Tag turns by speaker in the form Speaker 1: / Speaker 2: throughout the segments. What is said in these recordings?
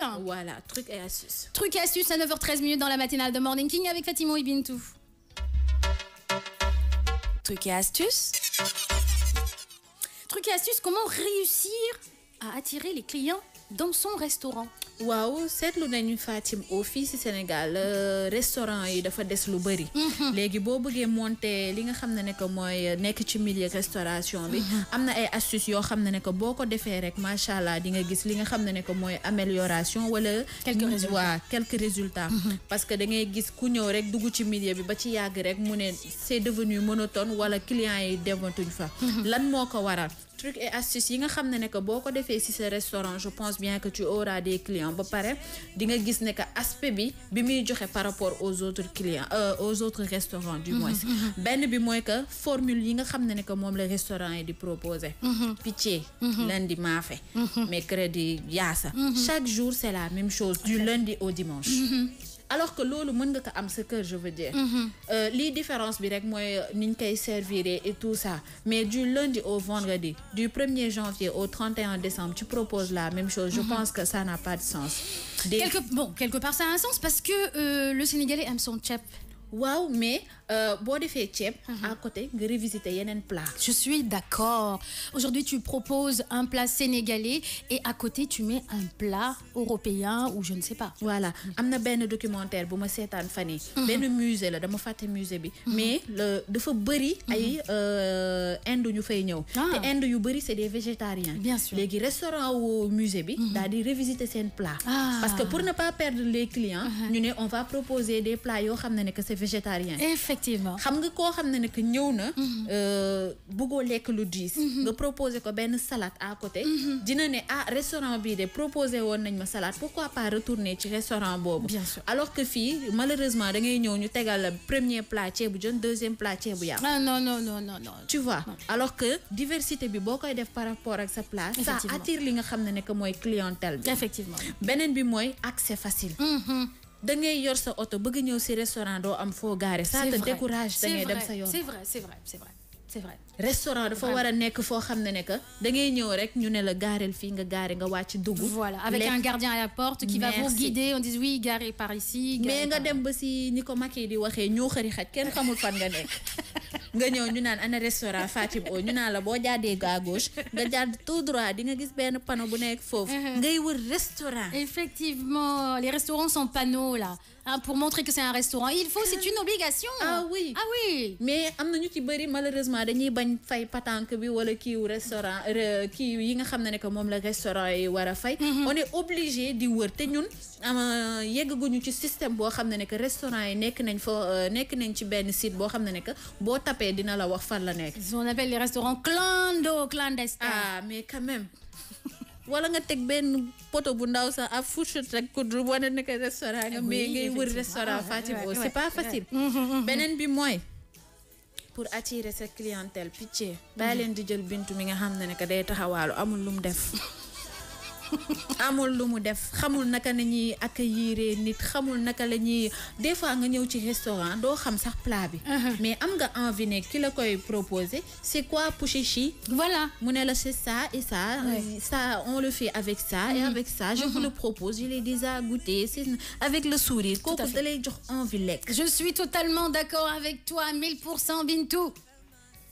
Speaker 1: Hein. Voilà, truc et astuce. Truc et
Speaker 2: astuce à 9h13 minutes dans la matinale de Morning King avec Fatimo Ibintou Truc et astuce. Truc et astuce, comment réussir à attirer les clients dans son
Speaker 1: restaurant waaw lu nañu Fatim au fii ci Sénégal euh, restaurant yi dafa des lu bëri. Mhm. léegi boo bëggee monter li nga xam ne ne que mooy euh, nekk ci milieu restauration bi. Mhm. am na ay astuces yoo xam ne ne que boo ko defee rek macha allah di nga gis li nga xam ne ne que mooy amélioration wala. quelques résultats waaw quelques résultats. Mhm. parce que da ngay gis ku ñëw rek dugg ci milieu bi ba ci yàgg rek mu ne c'est devenu monotone wala client yi dematuñ fa. lan moo ko waral. truc et astuces yi nga xam ne ne que boo ko defee ci sa restaurant je pense bien que tu auras des clients clients pareil, di nga gis ne que aspect bi bi muy joxe par rapport aux autres clients euh, aux autres restaurants du mhm, moins mhm, mhm. benn bi mooy que formule yi nga xam ne ne que moom le restaurant yi di proposer pitié lundi maafe mercredi yaasa chaque jour c'est la même chose du lundi au dimanche alors que lolo mën nga ko am ce je veux dire. Mhm. Euh, Les différences, bi rek mooy ni koy servir et tout ça mais du lundi au vendredi du 1er janvier au 31 décembre tu proposes la même chose. je mhm. pense que ça
Speaker 2: n'a pas de sens. bon quelque part ça a un sens parce que euh, le Sénégalais aime son tchèp waaw mais euh, boo defee ceeb. Mhm. à côté nga revisiter yenen plat. je suis d'accord aujourd'hui tu proposes un plat sénégalais et à côté tu mets un plat européen ou je ne sais pas. voilà y ben documentaire Bon, ma seetaan fan yi musée, mhm.
Speaker 1: musée la dama un musée bi. Mhm. mais le dafa bëri. ay euh, Inde ñu fay a ah. Un Inde yu bëri c'est des végétariens. bien sûr un restaurant ou musée bi. D'aller revisiter seen plat. Ah. parce que pour ne pas perdre les clients. on va proposer des plats yo. xam ne que végétarien. effectivement xam nga ko xamné que nous mhm. euh, avons bëggoo lu nous mhm. nga proposé ko ben salade à côté. Mhm. dina né ah restaurant bi dé proposé won nañ ma salade pourquoi pas retourner ci restaurant Bob? bien sûr alors que fi malheureusement da ngay ñew ñu tégal premier plat et un deuxième plat ah, non non non non non. tu vois alors que diversité bi bokoy def par rapport ak sa place. ça attire li nga xamné moy clientèle effectivement Benen bi moy accès facile da yor sa auto bëgg ñëw ci restaurant do am foo gaare. ça te décourage da dem sa yoon c'est
Speaker 2: vrai c'est vrai c'est vrai c'est vrai restaurant dafa war a
Speaker 1: nekk foo xam ne ne que da ngay ñëw rek ñu ne la gaareel fii nga gaare nga wàcc dugg. voilà avec un gardien à la porte. qui va vous guider
Speaker 2: on dit oui garé par ici. mais nga dem ba si ni ko Macky di waxee ñoo xëri xaj kenn xamul fan nga nekk.
Speaker 1: nga ñëw ñu naan ana restaurant Fatim o ñu naan la
Speaker 2: boo jàddee ga gauche nga jàdd tout droit di nga gis benn panneau bu nekk foofu. Uh-huh. ngay wër restaurant. effectivement les restaurants sont panneaux là ah pour montrer que c'est un restaurant il faut c'est ah. une obligation. ah oui ah oui mais am na ñu ci bëri malheureusement effectivement dañuy bañ fay patente
Speaker 1: bi wala kiiw restaurant ki yi nga xamné ne ne que moom la restaurant yi wara fay mm-hmm. on est obligé di wër te ñun yeggaguñu ci système bo xamné ne que restaurant yi nekk nañ fo euh, nekk nañ ci ben site bo xamné ne que bo tapé dina la wax fan la nekk on appelle les restaurants clando clandestin ah mais quand même wala nga tek ben poto bu ndaw sa a fourchette rek ko woné ne nekk restaurant nga eh mais ngay wër restaurant ah, Fatick c'est pas facile mm-hmm, mm-hmm. benen bi moy pour attirer sa clientèle picc. bàyyi leen di jël bintu mi nga xam ne ne que day taxawaalo amul lu mu def. amul lu mu def xamul naka ni, ñuy accueillir nit xamul naka la des fois nga ñëw ci restaurant doo xam sax plat bi. Uh-huh. mais am nga envie ne ki la koy proposer c'est quoi pouchichi. voilà mu ne la c'est ça et ça. Euh, ça on le fait avec ça et uh-huh. avec ça. je vous uh-huh. le propose je l'ai déjà goûté avec le sourire. kooku da lay jox envie lekk. je suis totalement d'accord avec toi 1000 pour cent Bintou.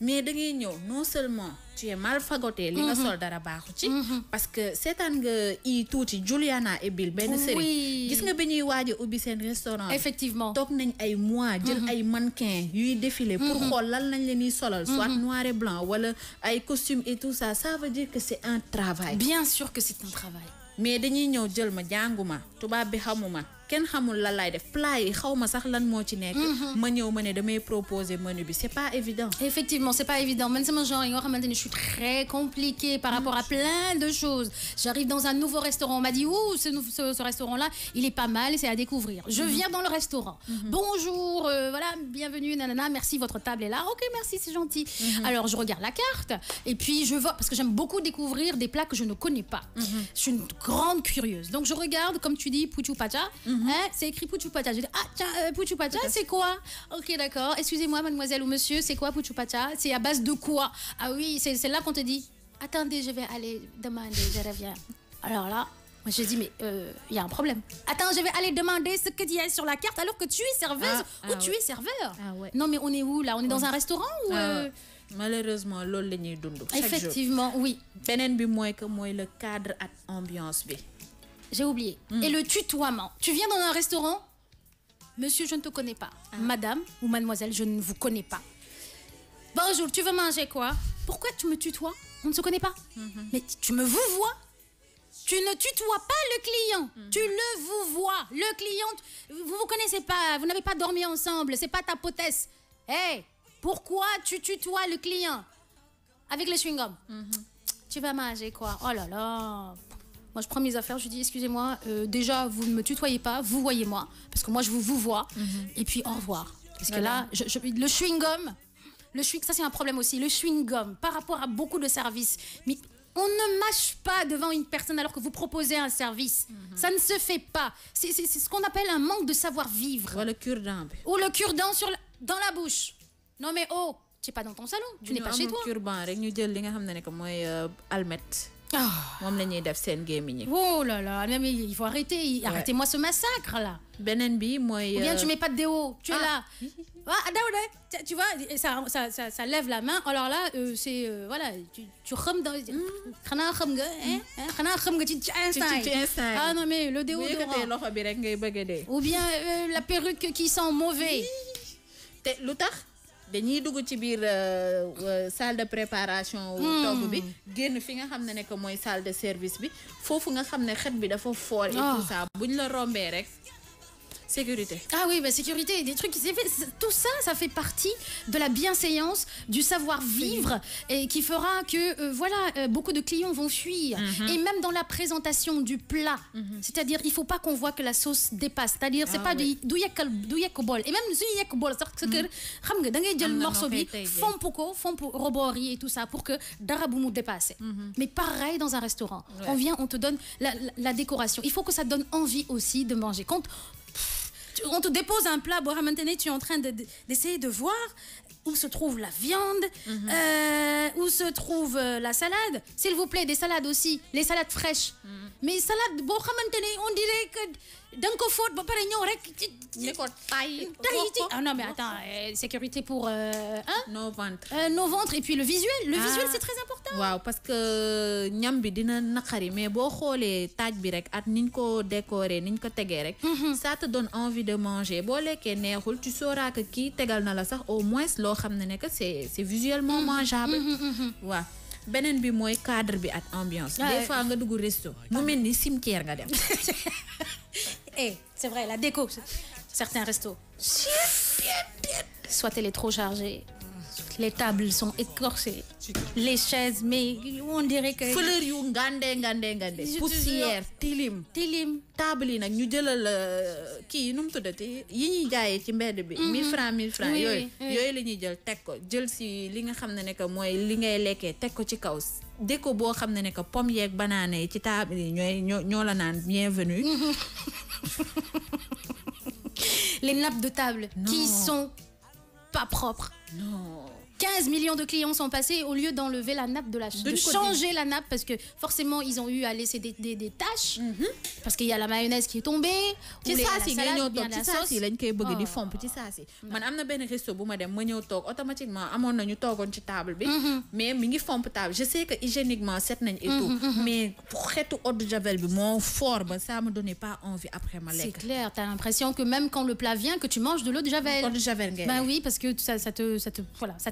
Speaker 1: mais da ngay ñëw non seulement tu es mal fagoté li nga mm-hmm. sol dara baaxu ci mm-hmm. parce que seetaan nga i tuuti Juliana et Bill benn série gis nga bi ñuy waaj a ubbi seen restaurant effectivement toog nañ ay mois jël mm-hmm. ay mannequin yuy défilé pour xool lan lañ le di solal soit noir et blanc wala ay costume et tout ça ça veut dire que c'est un travail bien sûr que c'est un travail mais dañuy ñëw jël ma jànguma tubaab bi xamuma def plat yi sax lan ci mhm.
Speaker 2: ma c'est pas évident. effectivement c'est pas évident même genre je suis très compliquée par rapport à plein de choses j'arrive dans un nouveau restaurant on m'a dit ouh ce, ce, restaurant là il est pas mal c'est à découvrir. je mhm. viens dans le restaurant. Mhm. bonjour euh, voilà bienvenue nanana merci votre table est là ok merci c'est gentil. alors je regarde la carte et puis je vois parce que j'aime beaucoup découvrir des plats que je ne connais pas. je suis une grande curieuse donc je regarde comme tu dis Poutou Pacha. Mhm. Hein, c'est écrit Puchupata. Je dit, ah tiens, euh, Puchupata, c'est quoi Ok, d'accord. Excusez-moi, mademoiselle ou monsieur, c'est quoi Puchupata C'est à base de quoi Ah oui, c'est là qu'on te dit, attendez, je vais aller demander, je reviens. Alors là, moi j'ai dit, mais il euh, y a un problème. Attends, je vais aller demander ce que tu as sur la carte alors que tu es serveuse ah, ah ou tu es serveur. Ah non, mais on est où là On est dans un restaurant ou euh?
Speaker 1: malheureusement l'eau la
Speaker 2: effectivement oui. Benen bi moins que le cadre à ambiance bi. J'ai oublié. Hmm. Et le tutoiement. Tu viens dans un restaurant, monsieur, je ne te connais pas. Ah. Madame ou mademoiselle, je ne vous connais pas. Bonjour, tu veux manger quoi Pourquoi tu me tutoies On ne se connaît pas. Mhm. Mais tu me vous vois tu ne tutoies pas le client, hmm. tu le vous vois. Le client, vous vous connaissez pas, vous n'avez pas dormi ensemble, c'est pas ta potesse. Hé, eh, pourquoi tu tutoies le client avec le chewing-gum mhm. Tu vas manger quoi Oh là là, moi, je prends mes affaires, je dis excusez-moi, euh, déjà, vous ne me tutoyez pas, vous voyez-moi, parce que moi, je vous, vous vois, mhm. et puis au revoir. Parce que là, je, le chewing-gum, le chewing, ça c'est un problème aussi, le chewing-gum par rapport à beaucoup de services. Mais on ne mâche pas devant une personne alors que vous proposez un service. Mhm. Ça ne se fait pas. C'est ce qu'on appelle un manque de savoir-vivre. Ou le cure-dent. Ou le cure-dent dans la bouche. Non mais oh, tu n'es pas dans ton salon, tu n'es pas chez toi.
Speaker 1: Ah. moom la ñuy def seen gaming.
Speaker 2: oh là là mais il faut arrêter arrêtez-moi ce massacre là. Ben bi mooy. ou bien euh, tu mets pas de déo tu es ah. là. ah, ah Daouda tu vois ça ça ça ça lève la main alors là euh, c'est euh, voilà tu tu xam dans hmm. xanaa xam nga. Hein, hmm. hein, xanaa xam nga ci ci instant ah non mais le déo.
Speaker 1: bu
Speaker 2: ou bien la perruque qui sent mauvais.
Speaker 1: te lu tax dañuy dugg ci biir euh, euh, salle de préparation. Hmm. togg bi génn fi nga xam ne nekk mooy salle de service bi foofu nga xam ne xet bi dafa foor
Speaker 2: et ah. tout ça buñ la rombee rek. Sécurité. Ah oui, bah, sécurité, des trucs qui s'est Tout ça, ça fait partie de la bienséance, du savoir-vivre, et qui fera que, euh, voilà, euh, beaucoup de clients vont fuir. Mhm. Et même dans la présentation du plat, mhm. c'est-à-dire, il faut pas qu'on voit que la sauce dépasse. C'est-à-dire, c'est n'est ah pas oui. du douillek bol. Et même du bol, c'est que, mhm. ramge, djel ah morceau bi, poko, font pour robori et tout ça, pour que Daraboumou dépasse. Mais pareil dans un restaurant. On vient, on te donne la, la, la décoration. Il faut que ça donne envie aussi de manger. Quand on te dépose un plat, maintenant, tu es en train d'essayer de, voir où se trouve la viande, mhm. euh, où se trouve euh, la salade. S'il vous plaît, des salades aussi, les salades fraîches. Mhm. Mais salade, bon, maintenant, on dirait que da faut ko fóot ba pare rek. ah non mais attends euh, sécurité pour euh, hein? nos ventres. Euh, nos ventres et puis le visuel le ah. visuel c'est
Speaker 1: très important. waaw parce que euh, ñam bi dina nakari mais boo xoolee taaj bi rek at niñ ko décorer niñ ko rek. Mhm. ça te donne envie de manger boo lekkee neexul tu sauras que qui tegal na la sax au moins loo xam que c'est c'est visuellement mhm. mangeable. Mhm, waaw. benen bi mooy cadre bi ak ambiance. des fois nga dugg resto mu mel ni cimetière nga dem.
Speaker 2: Eh, c'est vrai, la déco, certains restos. Soit elle est trop chargée, les tables sont écorchées, les chaises, mais on dirait que. fleur yu gande, gande, gande, poussière
Speaker 1: tilim. tilim table yi les ñu jëlal euh, kii nu mu 1000 mm-hmm. francs 1000 francs les ñuy jël si li nga li ngay pomme bienvenue.
Speaker 2: Mm-hmm. les nappes de table qui sont pas propres. Non. 15 millions de clients sont passés au lieu d'enlever la nappe de la de, de changer la nappe parce que forcément ils ont eu à laisser des, des, des tâches mhm. parce qu'il y a la mayonnaise qui est tombée ou saa si ngay oh. ñëw toog sauce. Il si lañ koy bëgg di fomp ci
Speaker 1: man amna ben resto bu dem ma automatiquement amon nañu togon ci table bi mhm. mais mi ngi fomp table je sais que hygiéniquement set nañ et tout mhm, mais xeetu eau de javel bi mon fort ça
Speaker 2: ça me donnait pas envie après ma lekk c'est clair tu as l'impression que même quand le plat vient que tu manges de l'eau de javel javel bah oui parce que ça ça te ça te voilà ça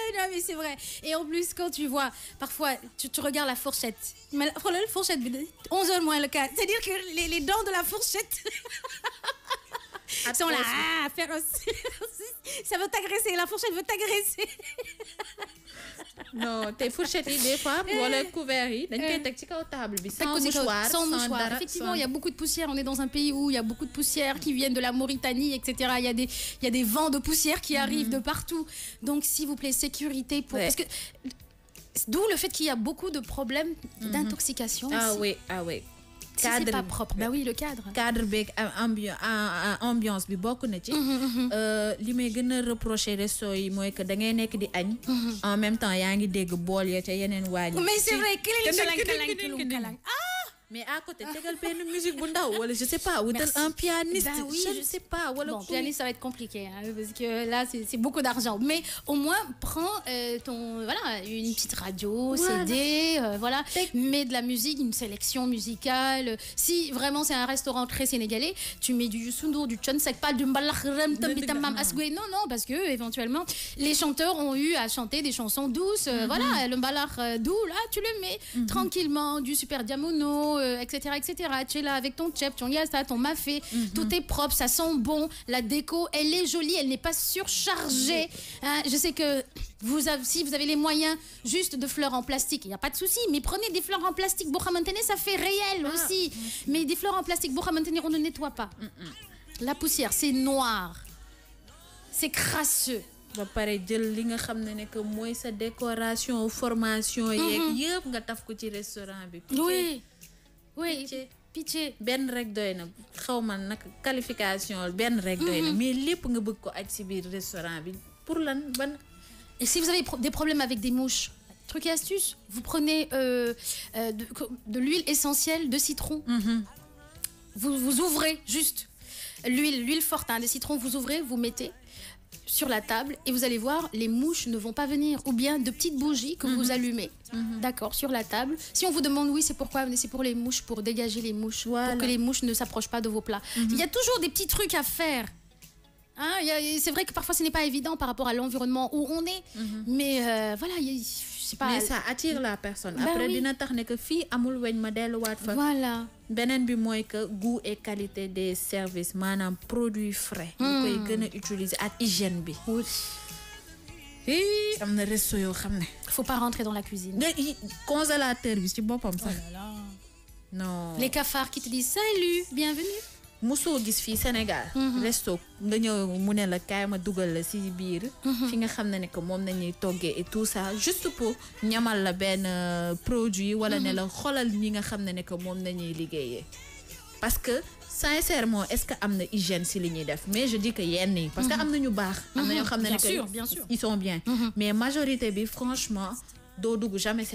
Speaker 2: Oui, ah, mais c'est vrai. Et en plus, quand tu vois, parfois, tu, regardes la fourchette. Mais la, la fourchette, 11 heures moins le cas. C'est-à-dire que les, les dents de la fourchette. sont là, ah, féroce. Ça veut t'agresser, la fourchette veut t'agresser.
Speaker 1: non, tes fourchettes, des fois, pour le au table, sans mouchoir. Sans mouchoir. Effectivement, il y a
Speaker 2: beaucoup de poussière. On est dans un pays où il y a beaucoup de poussière qui viennent de la Mauritanie, etc. Il y a des, des vents de poussière qui arrivent mhm. de partout. Donc, s'il vous plaît, sécurité. Pour... Parce que D'où le fait qu'il y a beaucoup de problèmes mhm. d'intoxication. Ah oui,
Speaker 1: ah oui cadre si c'est pas propre bah oui le cadre. cadre avec ambiance ambiance bi bokk na ci. Mhm, mhm, mhm. Euh, li may gëna reprocher resto soy moy que da ngay nek di añ. en même temps yaa ngi dégg bol ya ca yenen waa mais c'est vrai mais à côté une musique bunda ou je sais pas un pianiste. Ben oui, je ne sais pas Bon, pianiste
Speaker 2: ça va être compliqué hein, parce que là c'est beaucoup d'argent mais au moins prends euh, ton voilà une petite radio CD voilà euh, mets de la musique une sélection musicale si vraiment c'est un restaurant très sénégalais tu mets du Youssou du c'est pas du Mbalax non non parce que éventuellement les chanteurs ont eu à chanter des chansons douces euh, mm-hmm. voilà le Mbalakh doux là tu le mets mm-hmm. tranquillement du Super Diamono etc., euh, etc. Tu es là avec ton chef, ton yasta, ton mafé, tout est propre, ça sent bon, la déco, elle est jolie, elle n'est pas surchargée. Hein, je sais que vous si vous avez les moyens juste de fleurs en plastique, il n'y a pas de souci, mais prenez des fleurs en plastique. pour maintenir ça fait réel ah, aussi. Mais des fleurs en plastique, pour maintenir on ne nettoie pas. Mm, mm. La poussière, c'est noir, c'est crasseux. li nga que sa
Speaker 1: décoration formation mm-hmm. yeeg nga taf ko ci restaurant bi oui oui pitié bien rek doy na xaw qualification ben rek doy mhm. mais lepp nga bëgg ko aj ci biir restaurant bi
Speaker 2: pour lan ban et si vous avez des problèmes avec des mouches truc et astuce vous prenez euh, euh de, de l'huile essentielle de citron mhm. vous, vous ouvrez juste l'huile l'huile forte hein, de citron vous ouvrez vous mettez sur la table et vous allez voir, les mouches ne vont pas venir. Ou bien de petites bougies que vous mhm. allumez, mhm. d'accord, sur la table. Si on vous demande, oui, c'est pourquoi, c'est pour les mouches, pour dégager les mouches, pour que les mouches ne s'approchent pas de vos plats. Mhm. Il y a toujours des petits trucs à faire. Hein, c'est vrai que parfois ce n'est pas évident par rapport à l'environnement où on est, mais euh, voilà, il mais ça attire
Speaker 1: la personne. Ben après dina tax ne que fii amul weñ ma delluwaat fa. voilà Benen bi moy que goût et qualité des services manam produits frais. ñu koy hmm. gëna utiliser ak hygiène bi. oui. am na resto yoo ne. faut pas rentrer dans la cuisine. le congélateur bi ci bopam sax. Oh non. les cafards qui te disent salut bienvenue musoo gis fii Sénégal. Mhm. resto nga ñëw mu ne la kaay ma dugal la si biir. Mhm. fi nga xam ne ne que moom nañuy toggee et tout ça juste pour ñamal la benn euh, produit. wala ne mhm. la xolal ñi nga xam ne ne que moom nañuy liggéeyee. parce que sincèrement est-ce que am na hygiène si li ñuy def mais je dis que yenn yi. parce que am na ñu baax. am na ñoo xam ne ne que ils sont bien. mais majorité bi franchement jamais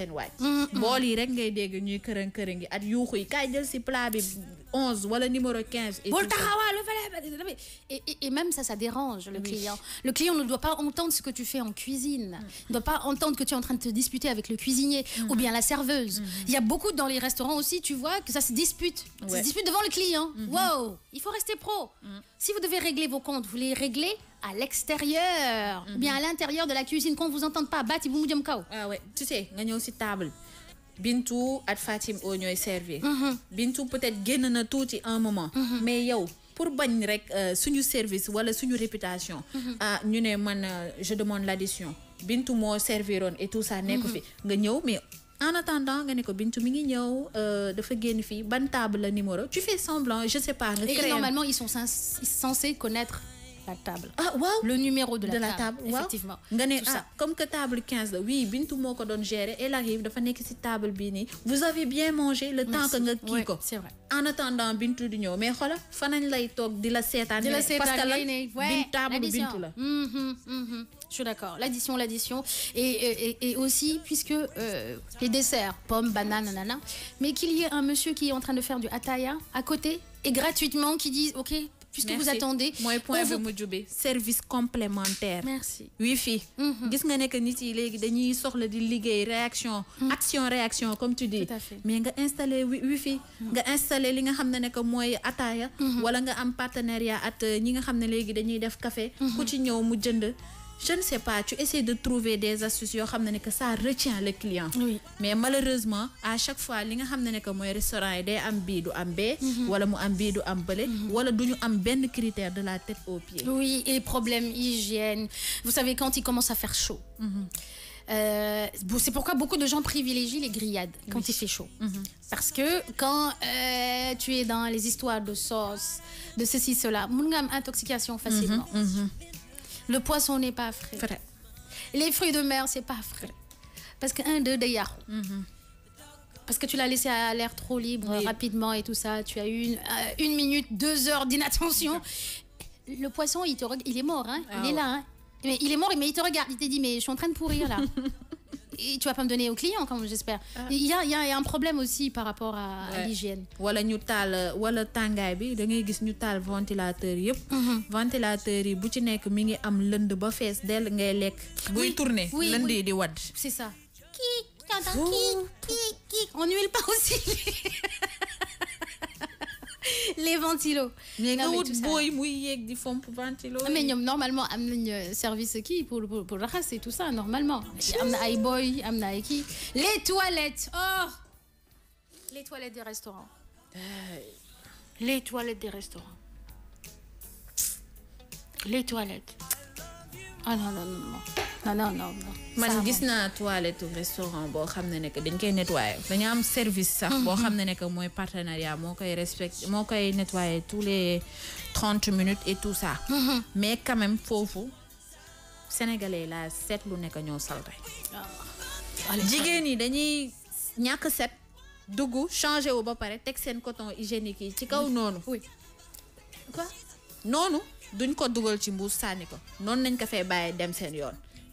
Speaker 2: et même ça ça dérange le client le client ne doit pas entendre ce que tu fais en cuisine ne mm. doit pas entendre que tu es en train de te disputer avec le cuisinier mm-hmm. ou bien la serveuse mm-hmm. il y a beaucoup dans les restaurants aussi tu vois que ça se dispute ça se dispute devant le client mm-hmm. wow il faut rester pro mm. si vous devez régler vos comptes vous les réglez à l'extérieur bien à mhm. l'intérieur de la cuisine qu'on vous entende pas bati bu mu kaw ah ouais tu sais nga ñëw ci table Bintou at Fatim y est servi, mhm.
Speaker 1: Bintou peut-être génn na touti un moment mhm. mais yow pour bannir rek euh, suñu service wala suñu réputation ah ñu né man euh, je demande l'addition Bintou mo serviront et tout ça n'est fi nga ñëw mais en attendant nga que ko Bintu mi ngi ñëw euh, dafa ban table le numéro tu fais semblant je sais pas que normalement ils sont censés connaître la table. Ah, le numéro de la. table effectivement ah, comme que table 15 oui Bintou Moko ko gérer elle arrive dafa que ci table bini. vous avez bien mangé le temps que vous avez c'est vrai en attendant Bintou d'union. mais voilà, Fanan lay de la seetaan. de la seetaan parce que la table mm-hmm,
Speaker 2: mm-hmm. je suis d'accord l'addition l'addition et, aussi puisque euh, les desserts pommes bananes nanana mais qu'il y ait un monsieur qui est en train de faire du ataya à côté et gratuitement qui dit ok puisque merci. vous attendez. mooy point bu
Speaker 1: mujj service complémentaire. merci wifi. Mhm. gis nga nek nit yi léegi dañuy soxla di liggéey réaction. Mhm. action réaction comme tu dis. mais nga installé wifi. Mhm. nga installé li nga xamné nek moy ataya wala nga am partenariat at ñi nga xamné ne dañuy def café. ku ci ñëw mu jënd je ne sais pas, tu essaies de trouver des astuces que ça retient le client. Oui. Mais malheureusement, à chaque fois, les que restaurant ou ou ou ou nous ben de la tête aux pieds.
Speaker 2: Oui, et problème hygiène. Vous savez, quand il commence à faire chaud. Mhm. Euh, c'est pourquoi beaucoup de gens privilégient les grillades quand il fait chaud. Mhm. Parce que quand euh, tu es dans les histoires de sauce, de ceci, cela, une intoxication mhm. facilement. Le poisson n'est pas frais. Les fruits de mer, c'est pas frais. Parce qu'un d'eux, des Mm Parce que tu l'as laissé à l'air trop libre rapidement et tout ça. Tu as eu une, minute, deux heures d'inattention. Le poisson, il, te, il est mort. Hein. il ah est là. Hein. Mais il est mort, mais il te regarde. Il te dit, mais je suis en train de pourrir là. et tu vas pas me donner au client, comme j'espère. Ah. Il y a, y a un problème aussi par rapport à, ouais. à l'hygiène.
Speaker 1: Wala ñu tal wala tàngaay bi da ngay gis ñu tal ventilateur un mhm. ventilateur yi bu ci nek mi ngi am lënd ba fess del ngay lekk. buy tourner lënd yi di wad c'est ça.
Speaker 2: qui qui qui on n'huile pas aussi. les ventilos. mais nga wut ventilo mais normalement a un euh, service qui pour pour race et tout ça normalement. am na ay boy, il y a qui les toilettes oh les toilettes des restaurants. Euh. les toilettes des restaurants. les toilettes. ah non non non non non non non
Speaker 1: man gis naa toilette restaurant boo xam ne nekk dañ koy nettoyer dañu am service sax mm-hmm. boo xam ne nekk mooy partenariat moo koy respect moo koy nettoyer tous les 30 minutes et tout ça mm-hmm. mais quand même foofu sénégalais la set lu nekk ñoo salte
Speaker 2: ah. jigéen
Speaker 1: yi dañuy ñàkk set dugg changé wu ba pare teg seen coton hygiénique yi ci kaw noonu quoi noonu duñ ko dugal ci mbuus sànni ko noonu nañ ko fee bàyyi dem seen yoon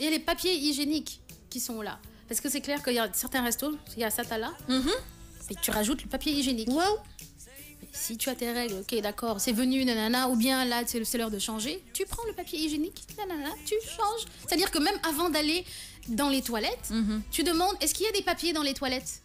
Speaker 2: et les papiers hygiéniques qui sont là. Parce que c'est clair qu'il y a certains restos, il y a ça, là, mhm. et tu rajoutes le papier hygiénique. Wow. Si tu as tes règles, ok, d'accord, c'est venu, nanana, ou bien là, c'est l'heure de changer, tu prends le papier hygiénique, nanana, tu changes. C'est-à-dire que même avant d'aller dans les toilettes, mhm. tu demandes est-ce qu'il y a des papiers dans les toilettes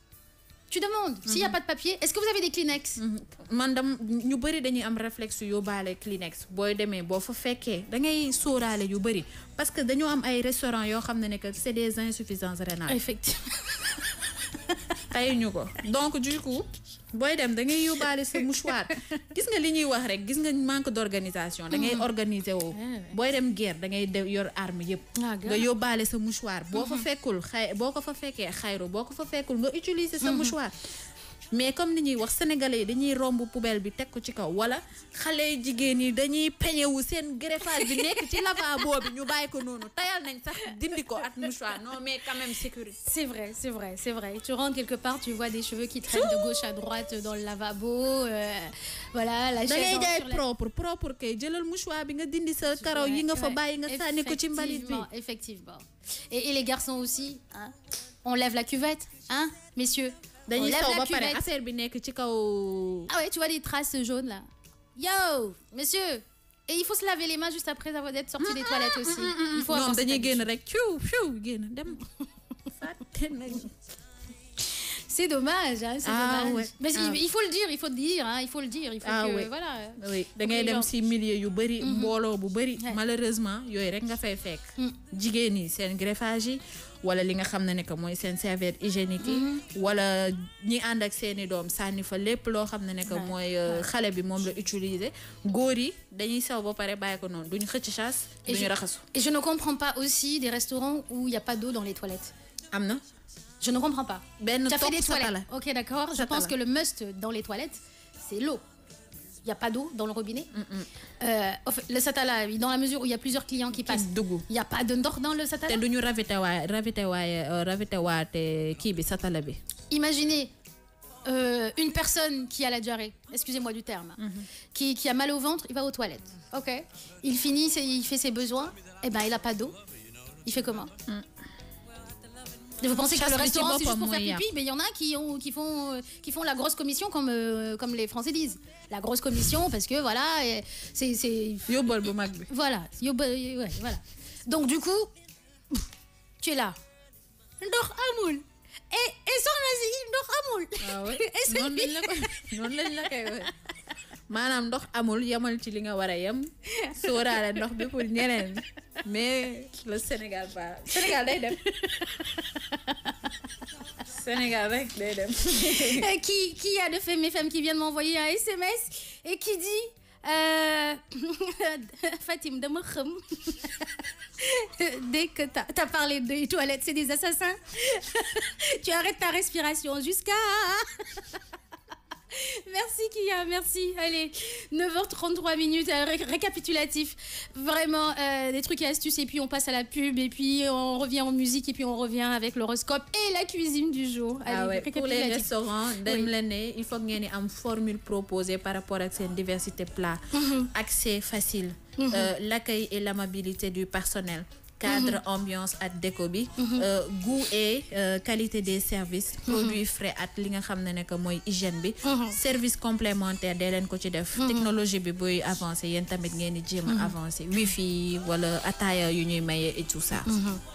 Speaker 2: tu demandes s'il n'y a mhm. pas de papier est-ce que vous avez des Kleenex. Mhm.
Speaker 1: Madame, nous ñu réflexes sur am réflexe les Kleenex des demee vous fa faire da ngay avez yu bëri parce que nous avons ay restaurants qui ont que c'est des insuffisances rénales. effectivement. donc du coup. booy dem dangay ngay yóbbaale sa mouchoir gis nga li ñuy wax rek gis nga manque d'organisation. da ngay mm-hmm. organiser woo. Eh, booy dem guerre da ngay yor arme yëpp. Ah, nga yóbbaale sa mouchoir. boo fa mm-hmm. fekkul xay boo ko fa fekkee xayru boo ko fa fekkul nga utiliser sa mm-hmm. mouchoir. mais comme ni ñuy wax sénégalais dañuy rombu poubelle bi tek ko ci kaw wala xalé jigéen yi dañuy wu seen greffage bi nekk ci
Speaker 2: lavabo bi ñu bay ko nonu tayal nañ sax dindi ko at mouchoir non mais quand même sécurité. c'est vrai c'est vrai c'est vrai tu rentres quelque part tu vois des cheveux qui traînent de gauche à droite dans le lavabo euh,
Speaker 1: voilà. la chaise da ngay jaay propre propre que jëlal mouchoir bi nga dindi sa karaw yi nga fa bay nga sànni ko ci mbalit bi
Speaker 2: effectivement et, et les garçons aussi hein on lève la cuvette hein messieurs dañuy on va pare affaire bi nekk ci ah ouais tu vois les traces jaunes là. yo monsieur. Et il faut se laver les mains juste après avoir d'être sorti des toilettes aussi. Mm, mm, mm, il faut non, Daniel, Non,
Speaker 1: rek. génn chou, ciw dem.
Speaker 2: génn c'est dommage, hein, c'est ah, dommage. Ouais. Parce ah. il faut le dire, il faut le dire, hein, il faut le dire, il faut ah, que ouais. voilà.
Speaker 1: Oui, da ngay dem ci milieu yu bari, mhm. mbolo bu bari, malheureusement yoy rek nga fay fek. Mm. Jigéen yi seen greffage wala li nga xam nek moy sen serviette hygiénique mm. wala ñi and ak seeni doom sànni fa lepp lo xam nek moy xalé bi mom la utiliser góor dañuy saw ba paré bàyyi ko noonu duñu xëcc chasse. duñ raxasu.
Speaker 2: et je ne comprends pas aussi des restaurants où il y a pas d'eau dans les toilettes. amna je ne comprends pas. Ben, tu as fait des toilettes. Ok, d'accord. Je pense que le must dans les toilettes, c'est l'eau. Il n'y a pas d'eau dans le robinet. Mm, mm. Euh, le satala, dans la mesure où il y a plusieurs clients qui passent, il n'y a pas de dans le satala.
Speaker 1: Euh,
Speaker 2: Imaginez euh, une personne qui a la diarrhée, excusez-moi du terme, mm-hmm. qui, a mal au ventre, il va aux toilettes. Ok. Il finit, il fait ses besoins, et eh ben il n'a pas d'eau. Il fait comment mm. Vous pensez que le restaurant c'est juste pour faire pipi, mais il y en a qui qui font la grosse commission comme les Français disent, la grosse commission parce que voilà c'est c'est. Voilà, voilà. Donc du coup, tu es là. Et, son Ndor Amoul. Ah ouais
Speaker 1: maanaam ndox amul yemal ci li nga war a yem sóoraale ndox bi pour ñeneen
Speaker 2: mais le Sénégal ba Sénégal day dem Sénégal rek day dem. Euh, qui qui a de fait mes femmes qui viennent m'envoyer un SMS et qui dit euh, Fatim dama xam dès que t'as as parlé de toilettes c'est des assassins tu arrêtes ta respiration jusqu'à Merci Kia, merci. Allez, 9h33 minutes, euh, récapitulatif. Vraiment euh, des trucs et astuces et puis on passe à la pub et puis on revient en musique et puis on revient avec l'horoscope et la cuisine du jour. Ah Allez, pour les restaurants, oui. il faut gagner une formule proposée
Speaker 1: par rapport à cette oh. diversité plat. Mm-hmm. Accès facile, mm-hmm. euh, l'accueil et l'amabilité du personnel cadre mhm. ambiance et déco mhm. euh, goût et euh, qualité des services mhm. produits frais et li nga moi hygiène service complémentaire technologie bi avancé wifi et tout ça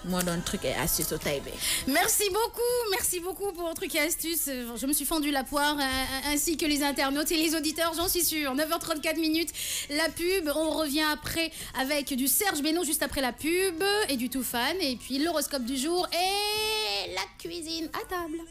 Speaker 1: moo un truc et astuce au
Speaker 2: merci beaucoup merci beaucoup pour truc et astuce je me suis fendu la poire euh, ainsi que les internautes et les auditeurs j'en suis sûre 9h34 minutes la pub on revient après avec du Serge Benoît juste après la pub et du tout fan. Et puis l'horoscope du jour et la cuisine à table.